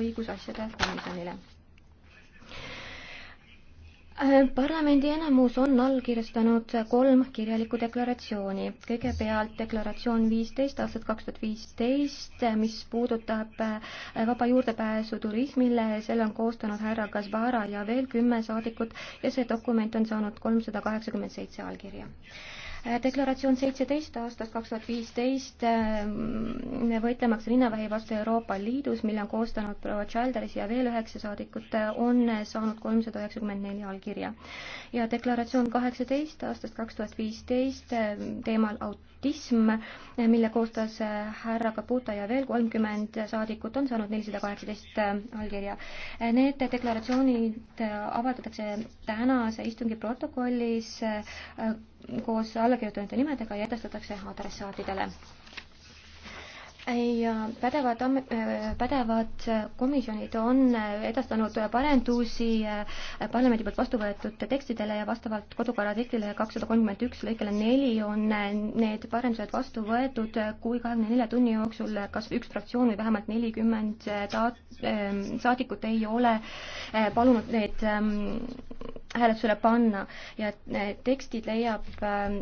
õigusasjade komisjonile. Äh, parlamendi enamus on allkirjastanud kolm kirjalikku deklaratsiooni. kõigepealt deklaratsioon viisteist aastat kaks tuhat viisteist, mis puudutab äh, vaba juurdepääsu turismile, selle on koostanud härra Kasvara ja veel kümme saadikut ja see dokument on saanud kolmsada kaheksakümmend seitse allkirja Äh, deklaratsioon seitseteist aastast kaks tuhat viisteist äh, võitlemaks rinnavähi vastu Euroopa Liidus, mille on koostanud proua Childers ja veel üheksa saadikut, äh, on saanud kolmsada üheksakümmend neli allkirja. ja deklaratsioon kaheksateist aastast kaks tuhat viisteist teemal autism, mille koostas härra Kaputa ja veel kolmkümmend saadikut, on saanud nelisada kaheksateist allkirja. Need deklaratsioonid avaldatakse tänase istungi protokollis koos allakirjutanute nimedega ja edastatakse adressaatidele. ja pädevad, äh, pädevad komisjonid on edastanud parendusi äh, parlamendi poolt vastu võetud tekstidele ja vastavalt kodukorra artiklile kakssada kolmkümmend üks lõikele neli on need parendused vastu võetud, kui kahekümne nelja tunni jooksul kas üks fraktsioon või vähemalt nelikümmend äh, saadikut ei ole palunud need ähm, hääletusele panna ja eh, tekstid leiab ähm,